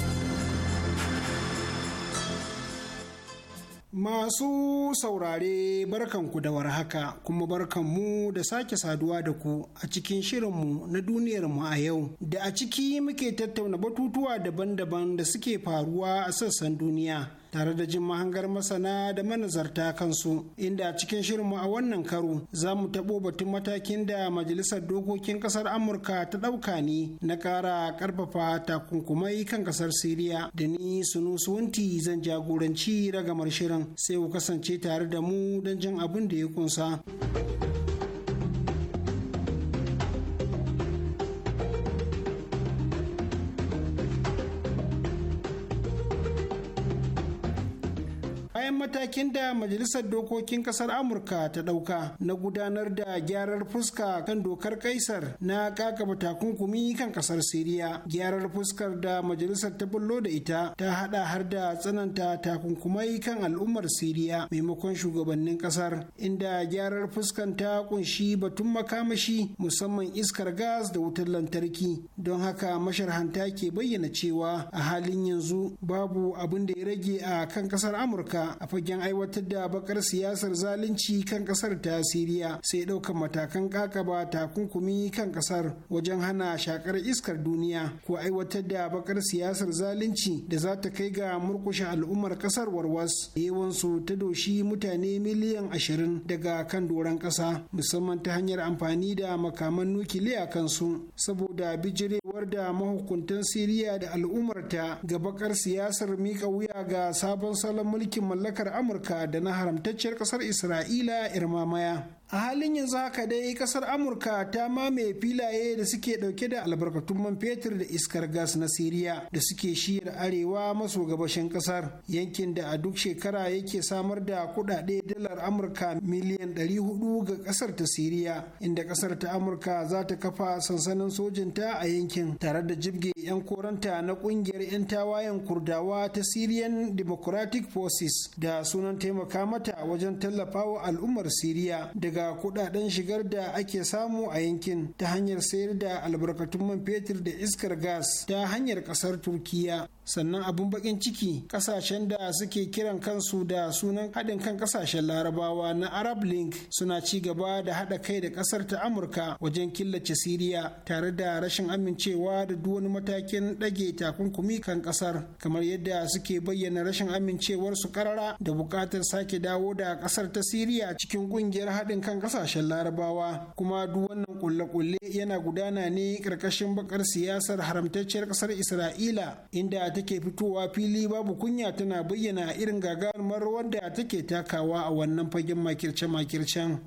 Masu saurare barkan ku da warhaka kuma barkanmu da sake saduwa da ku a cikin shirinmu na duniyarmu a yau da a ciki muke tattauna batutuwa daban-daban da suke faruwa a sassan duniya tare da jin mahangar masana da manazarta kansu inda a cikin shirinmu a wannan karo za mu taɓo batun matakin da majalisar dokokin ƙasar amurka ta ɗauka ne na ƙara ƙarfafa takunkumai kan ƙasar siriya da ni sunusuwanti zan jagoranci ragamar shirin sai ku kasance tare da mu don jin abin da ya kunsa. matakin da majalisar dokokin kasar amurka ta ɗauka na gudanar da gyarar fuska kan dokar kaisar na kakaba takunkumi kan kasar siriya gyarar fuskar da majalisar ta bullo da ita ta hada har da tsananta takunkumai kan al'ummar siriya maimakon shugabannin kasar inda gyarar fuskan ta kunshi batun makamashi musamman iskar gas da wutar lantarki don haka masharhanta ke bayyana cewa a halin yanzu babu abin da ya rage a kan kasar amurka a fagen wajen aiwatar da bakar siyasar zalunci kan kasar ta siriya sai ɗaukar matakan kakaba takunkumi kan kasar wajen hana shakar iskar duniya ko aiwatar da bakar siyasar zalunci da za ta kai ga murkushe al'ummar kasar warwas yawansu ta doshi mutane miliyan ashirin daga kan doron kasa musamman ta hanyar amfani da makaman nukiliya kansu saboda bijirewar da mahukuntan siriya da al'ummarta ga bakar siyasar mika wuya ga sabon salon mulkin mallakar amurka da na haramtacciyar ƙasar isra'ila irmamaya a halin yanzu haka dai kasar amurka ta mamaye filaye da suke dauke da albarkatun man fetur da iskar gas na siriya da suke shiyar arewa maso gabashin kasar yankin da a duk shekara yake samar da kudade dalar amurka miliyan 400 ga kasar ta siriya inda kasar ta amurka za ta kafa sansanin sojinta a yankin tare da jibge 'yan koranta na kungiyar 'yan tawayen kurdawa ta syrian democratic forces da sunan taimaka mata wajen tallafawa al'ummar siriya daga ga kudaden shigar da ake samu a yankin ta hanyar sayar da albarkatun man fetur da iskar gas ta hanyar kasar turkiya sannan abin bakin ciki kasashen da suke kiran kansu da sunan haɗin kan kasashen larabawa na arab link suna ci gaba da haɗa kai da ƙasar ta amurka wajen killace siriya tare da rashin amincewa da duk wani matakin ɗage takunkumi kan ƙasar kamar yadda suke bayyana rashin amincewar su karara da buƙatar sake dawo da ƙasar ta siriya cikin ƙungiyar haɗin kan kan kasashen larabawa kuma duk wannan kulle-kulle yana gudana ne ƙarƙashin bakar siyasar haramtacciyar ƙasar isra'ila inda take fitowa fili babu kunya tana bayyana irin gagarumar wadda take takawa a wannan fagen makirce-makircen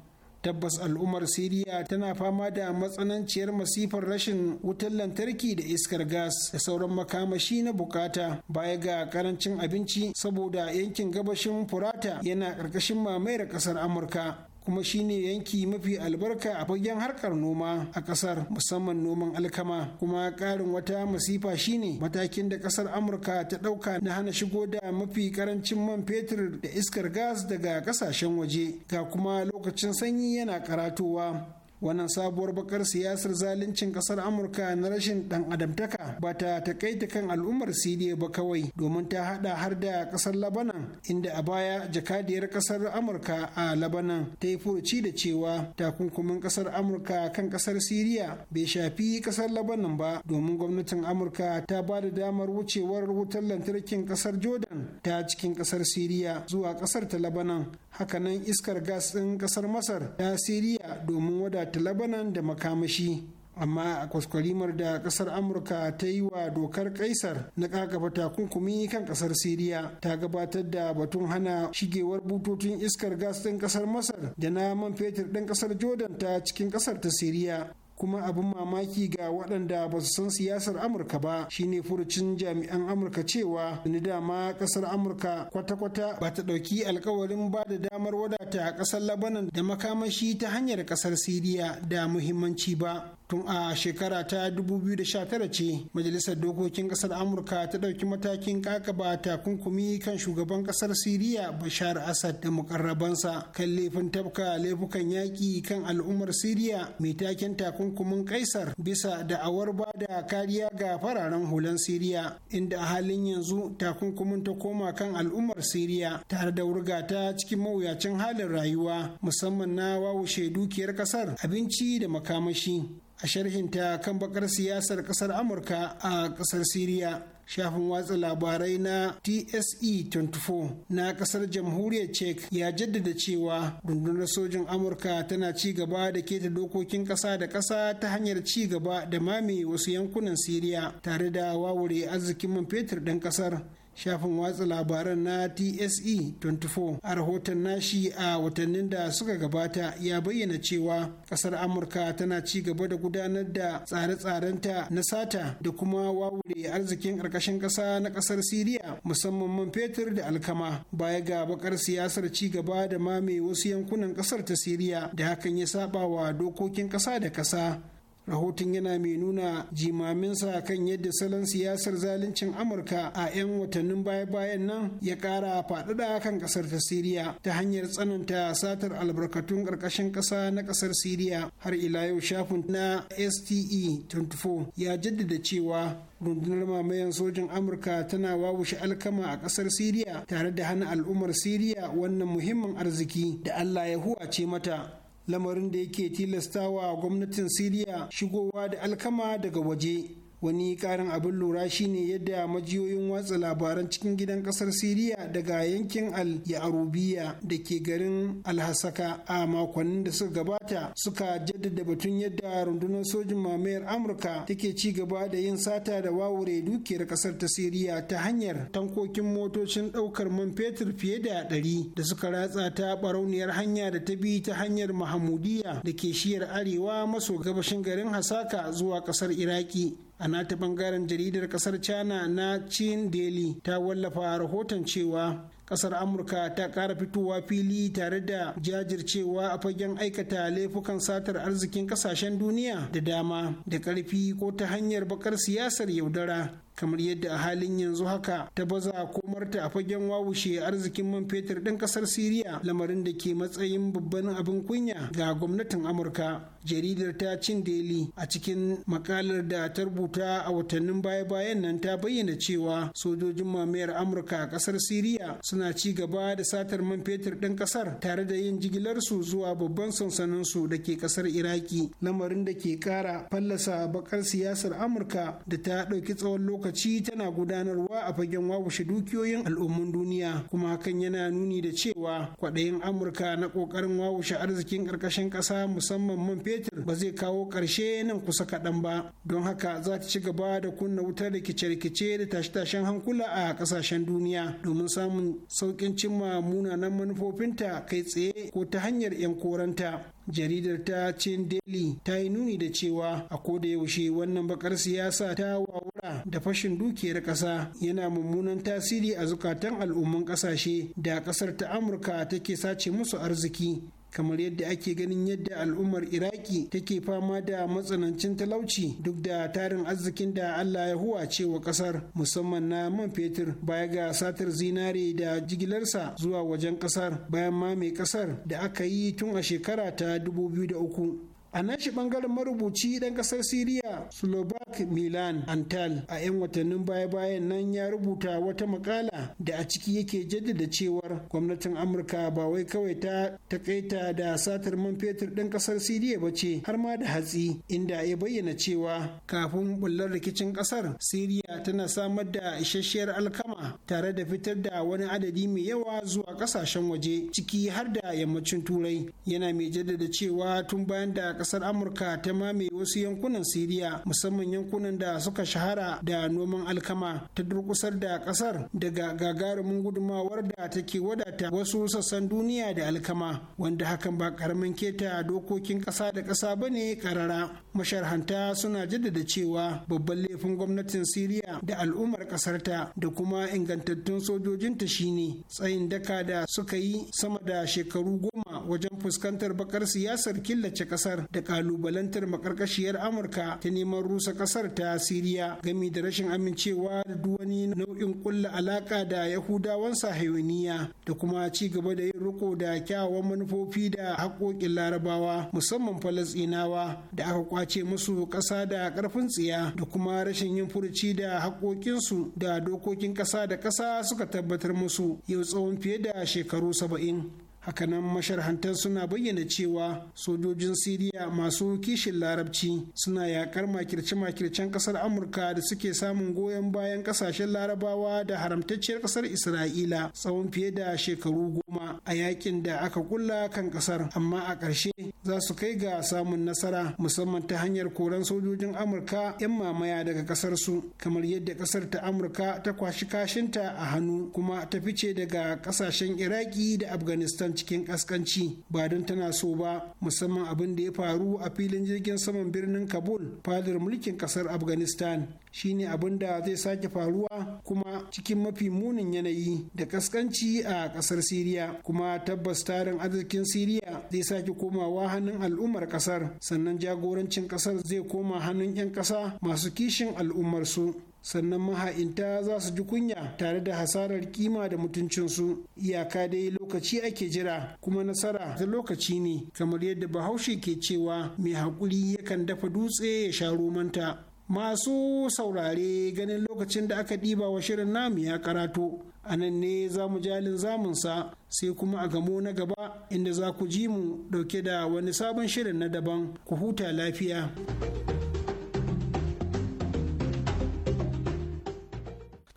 tabbas al'ummar siriya tana fama da matsananciyar masifar rashin wutar lantarki da iskar gas da sauran makamashi na bukata baya ga karancin abinci saboda yankin gabashin furata yana ƙarƙashin mamayar ƙasar amurka kuma shine yanki mafi albarka a fagen harkar noma a kasar musamman noman alkama kuma karin wata masifa shine matakin da kasar amurka ta dauka na hana shigo da mafi karancin man fetur da iskar gas daga kasashen waje ga kuma lokacin sanyi yana karatowa wannan sabuwar bakar siyasar zaluncin kasar amurka na rashin dan adamtaka ba ta takaita kan al'ummar siriya ba kawai domin ta hada har da kasar labanan inda a baya jakadiyar kasar amurka a labanan ta yi furuci da cewa takunkumin kasar amurka kan kasar siriya bai shafi kasar labanan ba domin gwamnatin amurka ta ba da damar wucewar wutar lantarkin kasar jordan ta cikin kasar siriya zuwa kasar ta labanan hakanan iskar gas ɗin kasar masar ta siriya domin wadata wadata labanan da makamashi amma a kwaskwarimar da kasar amurka ta yi wa dokar kaisar na kakaba takunkumi kan kasar siriya ta gabatar da batun hana shigewar bututun iskar gas ɗin kasar masar da na man fetur ɗin kasar jordan ta cikin kasar ta siriya kuma abin mamaki ga waɗanda ba su san siyasar amurka ba shine furucin jami'an amurka cewa ni dama ƙasar amurka kwata-kwata ba ta ɗauki alkawarin ba da damar wadata a ƙasar labanan da makamashi ta hanyar ƙasar siriya da muhimmanci ba tun a shekara ta 2019 ce majalisar dokokin kasar amurka ta ɗauki matakin kakaba takunkumi kan shugaban kasar siriya bashar asad da mukarrabansa kan laifin tabka laifukan yaƙi kan al'ummar siriya mai taken takunkumin kaisar bisa da ba da kariya ga fararen hulan siriya inda a halin yanzu takunkumin ta koma kan al'ummar siriya tare da wurgata cikin mawuyacin halin rayuwa musamman na wawushe dukiyar kasar abinci da makamashi a sharhinta kan bakar siyasar kasar amurka a kasar siriya shafin watsa labarai na tse 24 na kasar jamhuriyar czech ya jaddada cewa rundunar sojin amurka tana ci gaba da keta dokokin kasa da kasa ta hanyar ci gaba da mame wasu yankunan siriya tare da wawure arzikin man fetur ɗin kasar shafin watsa labaran na tse 24 a rahoton nashi a watannin da suka gabata ya bayyana cewa kasar amurka tana ci gaba da gudanar da tsare-tsarenta na sata da kuma wawure arzikin ƙarƙashin ƙasa na ƙasar siriya musamman man fetur da alkama baya ga bakar siyasar ci gaba da mame wasu yankunan ƙasar ta siriya da hakan ya saba wa dokokin ƙasa da ƙasa rahoton yana mai nuna jimaminsa kan yadda salon siyasar zaluncin amurka a 'yan watannin baya-bayan nan ya kara faɗaɗa kan ƙasar ta siriya ta hanyar tsananta satar albarkatun ƙarƙashin ƙasa na ƙasar siriya har ila yau shafin na ste 24 ya jaddada cewa rundunar mamayan sojin amurka tana wawushe alkama a ƙasar siriya tare da hana al'ummar siriya wannan muhimmin arziki da allah ya huwace mata lamarin da yake tilastawa gwamnatin siriya shigowa da alkama daga waje wani karin abin lura shine yadda majiyoyin watsa labaran cikin gidan kasar siriya daga yankin al yarubiya da ke garin alhasaka a makonnin da suka gabata suka jaddada batun yadda rundunar sojin mamayar amurka take ci gaba da yin sata da wawure dukiyar kasar ta siriya ta hanyar tankokin motocin daukar man fetur fiye da ɗari da suka ratsa ta barauniyar hanya da ta bi ta hanyar mahamudiya da ke shiyar arewa maso gabashin garin hasaka zuwa kasar iraki a ta bangaren jaridar kasar china na chin daily ta wallafa rahoton cewa kasar amurka ta kara fitowa fili tare da jajircewa a fagen aikata laifukan satar arzikin kasashen duniya da dama da karfi ko ta hanyar bakar siyasar yaudara kamar yadda a halin yanzu haka ta baza komarta a fagen wawushe arzikin man fetur ɗin ƙasar siriya lamarin da ke matsayin babban abin kunya ga gwamnatin amurka jaridar ta cin daily a cikin makalar da ta rubuta a watannin baya-bayan nan ta bayyana cewa sojojin mamayar amurka a ƙasar siriya suna ci gaba da satar man fetur ɗin ƙasar tare da yin jigilarsu zuwa babban sansaninsu da ke ƙasar iraki lamarin da ke ƙara fallasa bakar siyasar amurka da ta ɗauki tsawon lokaci lokaci tana gudanarwa a fagen wawashe dukiyoyin al'ummun duniya kuma hakan yana nuni da cewa kwaɗayin amurka na ƙoƙarin wawashe arzikin ƙarƙashin ƙasa musamman man fetur ba zai kawo ƙarshe nan kusa kaɗan ba don haka za ta ci gaba da kunna wutar rikice-rikice da tashe-tashen hankula a ƙasashen duniya domin samun sauƙin cimma munanan manufofinta kai tsaye ko ta hanyar 'yan koranta jaridar ta cin daily ta yi nuni da cewa a kodayaushe yaushe wannan bakar siyasa ta wawura da fashin dukiyar kasa yana mummunan tasiri a zukatan al'umman kasashe da kasar ta amurka take sace musu arziki kamar yadda ake ganin yadda al'ummar iraki take fama da matsanancin talauci duk da tarin arzikin da allah ya huwace wa kasar musamman na man fetur baya ga satar zinare da jigilarsa zuwa wajen kasar bayan mame kasar da aka yi tun a shekara ta 2003 a nan shi bangaren marubuci ɗan ƙasar siriya slovak milan antal a 'yan watannin baya-bayan nan ya rubuta wata makala da a ciki yake jaddada cewar gwamnatin amurka ba wai kawai ta takaita da satar man fetur ɗin ƙasar siriya ba ce har ma da hatsi inda ya bayyana cewa kafin bullar rikicin ƙasar, siriya tana samar da isasshiyar alkama tare da fitar da wani adadi mai yawa zuwa ƙasashen waje ciki har da yammacin turai yana mai jaddada cewa tun bayan da kasar amurka ta mame wasu yankunan siriya musamman yankunan da suka shahara da noman alkama ta durkusar da kasar daga gagarumin gudumawar da take wadata wasu sassan duniya da alkama wanda hakan ba karamin keta dokokin kasa da kasa ba ne karara masharhanta suna jaddada cewa babban laifin gwamnatin siriya da al'ummar kasarta da kuma ingantattun sojojinta shine tsayin daka da suka yi sama da shekaru goma wajen fuskantar bakar siyasar killace kasar da kalubalantar makarkashiyar amurka ta neman rusa kasar ta siriya gami da rashin amincewa da duwani nau'in kulla alaka da yahudawan sahayoniya da kuma ci gaba da yin riko da kyawawan manufofi da haƙoƙin larabawa musamman falasinawa da aka kwace musu ƙasa da ƙarfin tsiya da kuma rashin yin furuci da haƙoƙinsu da dokokin ƙasa da ƙasa suka tabbatar musu yau tsawon fiye da shekaru saba'in hakanan masharhantar suna bayyana cewa sojojin siriya masu kishin larabci suna yakar makirce-makircen kasar amurka da suke samun goyon bayan kasashen larabawa da haramtacciyar kasar isra'ila tsawon fiye da shekaru goma a yakin da aka kulla kan kasar amma a ƙarshe za su kai ga samun nasara musamman ta hanyar koran sojojin amurka 'yan mamaya daga kasar su kamar yadda kasar ta amurka ta kwashi kashinta a hannu kuma ta fice daga kasashen iraki da afghanistan cikin kaskanci ba don tana so ba musamman abin da ya faru a filin jirgin saman birnin kabul fadar mulkin kasar afghanistan shine abin da zai sake faruwa kuma cikin mafi munin yanayi da kaskanci a kasar siriya kuma tabbas tarin arzikin siriya zai sake komawa hannun al'ummar kasar sannan jagorancin kasar zai koma hannun 'yan kasa masu kishin al'ummarsu sannan maha'inta za su ji kunya tare da hasarar kima da mutuncinsu iyaka dai lokaci ake jira kuma nasara ta lokaci ne kamar yadda bahaushe ke cewa mai haƙuri yakan dafa dutse ya sha romanta masu saurare ganin lokacin da aka ɗiba wa shirin namu ya karato a nan ne za mu jalin zamunsa sai kuma a gamo na gaba inda za ku ji mu ɗauke da wani sabon shirin na daban ku huta lafiya.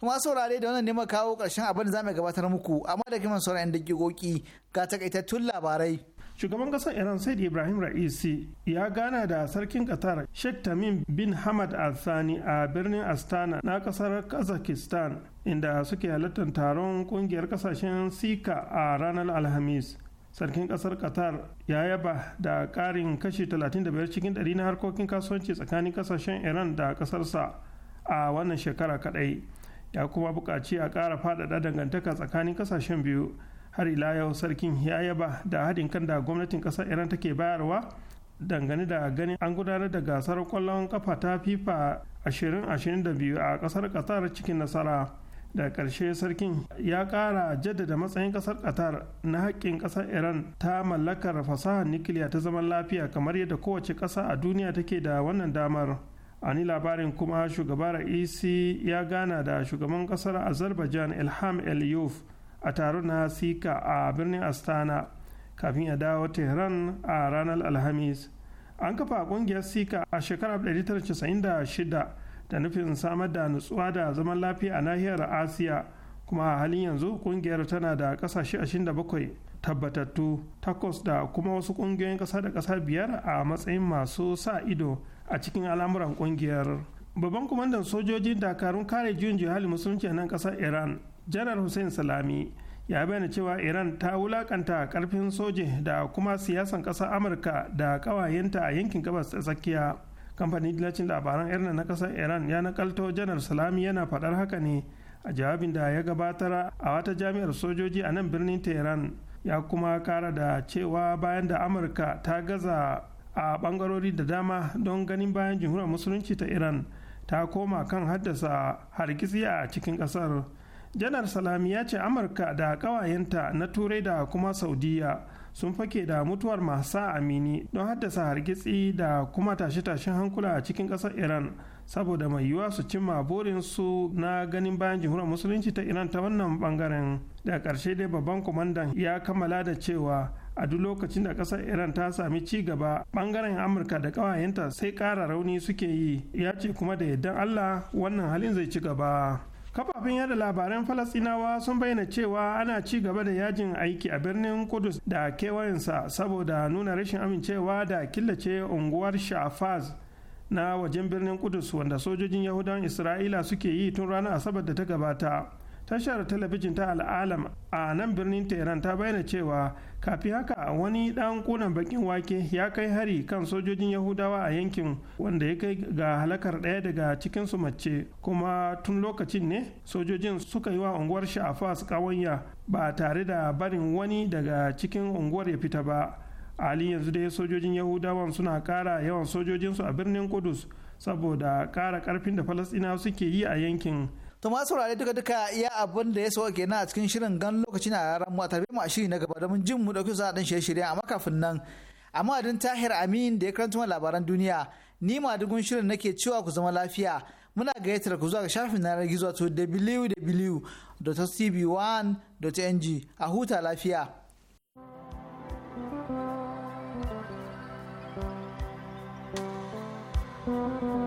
kuma saurare da wannan ne kawo karshen abin da mu gabatar muku amma da kiman sauran dakigoki ga takaitattun labarai shugaban kasar iran said ibrahim ra'isi ya gana da sarkin qatar sheikh tamim bin hamad al-thani a birnin astana na kasar kazakhstan inda suke halartar taron kungiyar kasashen sika a ranar alhamis sarkin kasar qatar ya yaba da karin kashi 35 cikin 100 na harkokin kasuwanci tsakanin kasashen iran da kasarsa a wannan shekara kadai ya kuma buƙaci a ƙara faɗaɗa dangantaka tsakanin ƙasashen biyu har ila yau sarkin ya yaba da haɗin kan da gwamnatin ƙasar iran take bayarwa dangane da ganin an gudanar da gasar kwallon ƙafa ta fifa 2022 a ƙasar qatar cikin nasara da ƙarshe sarkin ya ƙara jaddada matsayin ƙasar qatar na haƙƙin ƙasar iran ta mallakar fasahar nukiliya ta zaman lafiya kamar yadda kowace ƙasa a duniya take da wannan damar. a ni labarin kuma shugaban ra'isi ya gana da shugaban kasar azerbaijan ilham eliyuf a taron na sika a birnin astana kafin ya dawo tehran a ranar alhamis an kafa kungiyar sika a shekarar 1996 da nufin samar da nutsuwa da zaman lafiya a nahiyar asiya kuma a halin yanzu kungiyar tana da kasashe 27 tabbatattu takwas da kuma wasu kungiyoyin kasa da kasa biyar a matsayin masu sa ido a cikin al'amuran kungiyar babban kwamandan sojojin dakarun kare juyin jihali musulunci a nan kasar iran janar hussein salami ya bayyana cewa iran ta wulakanta karfin soje da kuma siyasan kasar amurka da kawayenta a yankin gabas ta tsakiya kamfanin dillacin labaran irin na kasar iran ya nakalto janar salami yana faɗar haka ne a jawabin da ya gabatar a wata jami'ar sojoji a nan birnin tehran ya kuma kara da cewa bayan da amurka ta gaza a bangarori da dama don ganin bayan jamhuriyar musulunci ta iran ta koma kan haddasa hargitsi a cikin kasar janar salami ya ce amurka da kawayenta na turai da kuma saudiya sun fake da mutuwar masa amini don haddasa hargitsi da kuma tashe-tashen hankula a cikin kasar iran saboda mai yiwuwa su cimma burinsu na ganin bayan jamhuriyar musulunci ta iran ta wannan bangaren da ƙarshe dai babban kwamandan ya kammala da cewa a duk lokacin da ƙasar iran ta sami ci gaba bangaren amurka da ƙawayenta sai ƙara rauni suke yi ya ce kuma da yardan allah wannan halin zai ci gaba kafafen yada labaran falasinawa sun bayyana cewa ana ci gaba da yajin aiki a birnin kudus da kewayensa saboda nuna rashin amincewa da killace unguwar shafaz na wajen birnin kudus wanda sojojin yahudan isra'ila suke yi tun ranar asabar da ta gabata tashar talabijin ta al'alam a nan birnin tehran ta bayyana cewa kafin haka wani dan kunan bakin wake ya kai hari kan sojojin yahudawa a yankin wanda ya kai ga halakar daya daga cikinsu mace kuma tun lokacin ne sojojin suka yi wa unguwar shafas kawanya ba tare da barin wani daga cikin unguwar ya fita ba halin yanzu dai sojojin yahudawan suna kara yawan sojojinsu a birnin kudus saboda kara karfin da falasɗinawa suke yi a yankin to ma saurare duka duka iya abin da ya sauka kenan a cikin shirin gan lokaci na ran mu a tarbe mu a shiri na gaba domin jin mu dauki za a dan shirye shirye amma kafin nan amma din tahir amin da ya karanta labaran duniya ni ma dugun shirin nake cewa ku zama lafiya muna gayyatar ku zuwa ga shafin na gizo to www.tv1.ng a huta lafiya. thank you